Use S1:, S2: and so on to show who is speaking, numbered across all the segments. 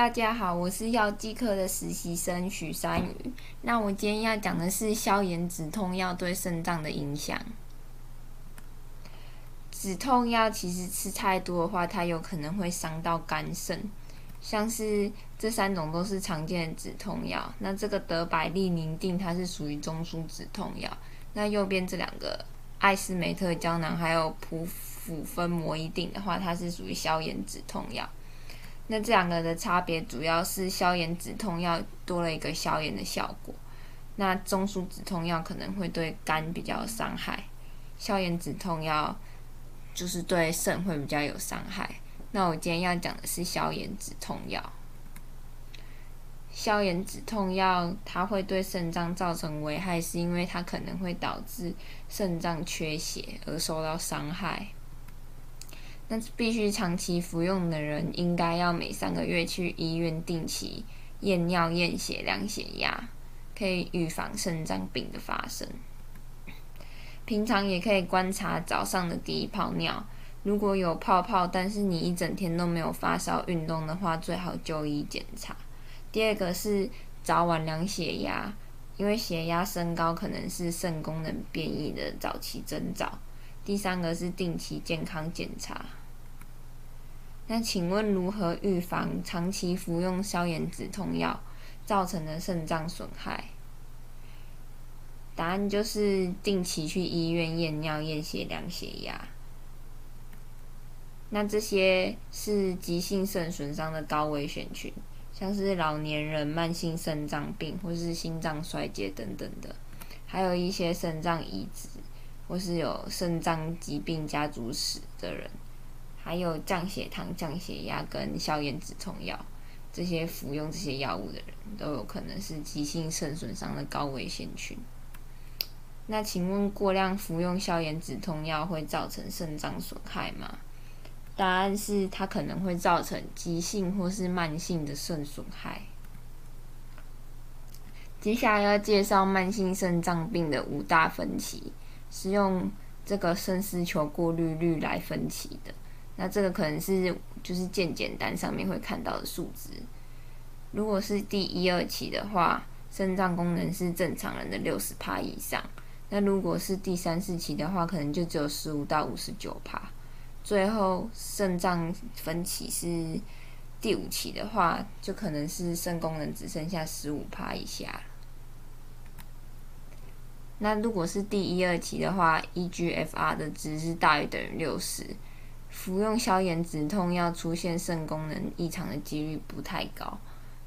S1: 大家好，我是藥劑科的實習生許山宇。那我今天要講的是消炎止痛藥對腎臟的影響。止痛藥其實吃太多的話，它有可能會傷到肝腎。像是這三種都是常見的止痛藥。那這個德百利寧定，它是屬於中樞止痛藥。那右邊這兩個艾斯美特膠囊還有普輔芬膜衣錠的話，它是屬於消炎止痛藥。那這兩個的差別主要是消炎止痛藥多了一個消炎的效果，那中樞止痛藥可能會對肝比較有傷害，消炎止痛藥就是對腎會比較有傷害。那我今天要講的是消炎止痛藥，消炎止痛藥它會對腎臟造成危害，是因為它可能會導致腎臟缺血而受到傷害。那必須長期服用的人，應該要每三個月去醫院定期驗尿、驗血、量血壓，可以預防腎臟病的發生。平常也可以觀察早上的第一泡尿，如果有泡泡，但是你一整天都沒有發燒運動的話，最好就醫檢查。第二個是早晚量血壓，因為血壓升高可能是腎功能變異的早期徵兆。第三個是定期健康檢查。那請問如何預防長期服用消炎止痛藥造成的腎臟損害？答案就是定期去醫院驗尿、驗血、量血壓。那這些是急性腎損傷的高危險群，像是老年人、慢性腎臟病或是心臟衰竭等等的，還有一些腎臟移植或是有腎臟疾病家族史的人。還有降血糖、降血壓跟消炎止痛藥，這些服用這些藥物的人都有可能是急性腎損傷的高危險群。那請問，過量服用消炎止痛藥會造成腎臟損害嗎？答案是，它可能會造成急性或是慢性的腎損害。接下來要介紹慢性腎臟病的五大分期，是用這個腎絲球過濾率來分期的。那這個可能是就是健檢單上面會看到的數值。如果是第一二期的話，腎臟功能是正常人的六十趴以上。那如果是第三四期的話，可能就只有十五到五十九趴。最後腎臟分期是第五期的話，就可能是腎功能只剩下十五趴以下。那如果是第一二期的話，eGFR 的值是大於等於六十。服用消炎止痛藥出現腎功能異常的幾率不太高。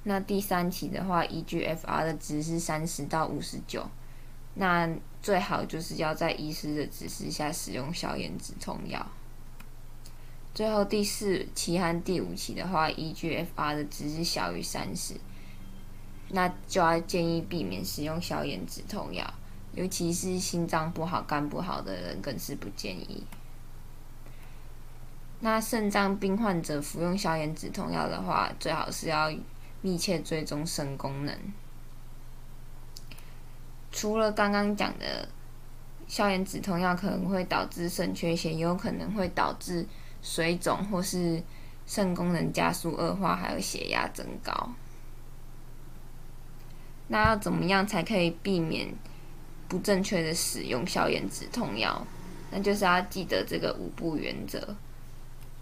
S1: 那第三期的話，eGFR 的值是三十到五十九，那最好就是要在醫師的指示下使用消炎止痛藥。最後第四期和第五期的話，eGFR 的值是小於三十，那就要建議避免使用消炎止痛藥，尤其是心臟不好、肝不好的人更是不建議。那腎臟病患者服用消炎止痛藥的話，最好是要密切追蹤腎功能。除了剛剛講的，消炎止痛藥可能會導致腎缺血，也有可能會導致水腫或是腎功能加速惡化，還有血壓增高。那要怎麼樣才可以避免不正確的使用消炎止痛藥？那就是要記得這個五不原則。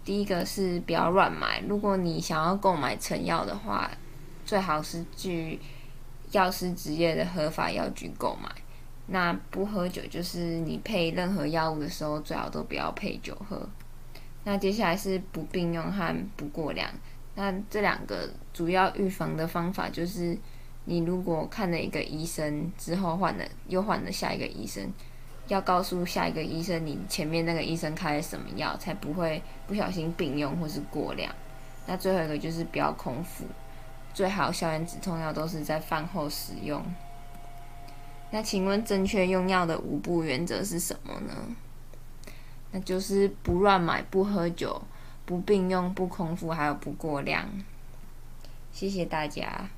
S1: 第一個是不要亂買，如果你想要購買成藥的話，最好是去藥師職業的合法藥局購買。那不喝酒就是你配任何藥物的時候，最好都不要配酒喝。那接下來是不並用和不過量。那這兩個主要預防的方法就是，你如果看了一個醫生之後，換了又換了下一個醫生。要告訴下一個醫生你前面那個醫生開了什麼藥，才不會不小心併用或是過量。那最後一個就是不要空腹，最好消炎止痛藥都是在飯後使用。那請問正確用藥的五不原則是什麼呢？那就是不亂買、不喝酒、不併用、不空腹，還有不過量。謝謝大家。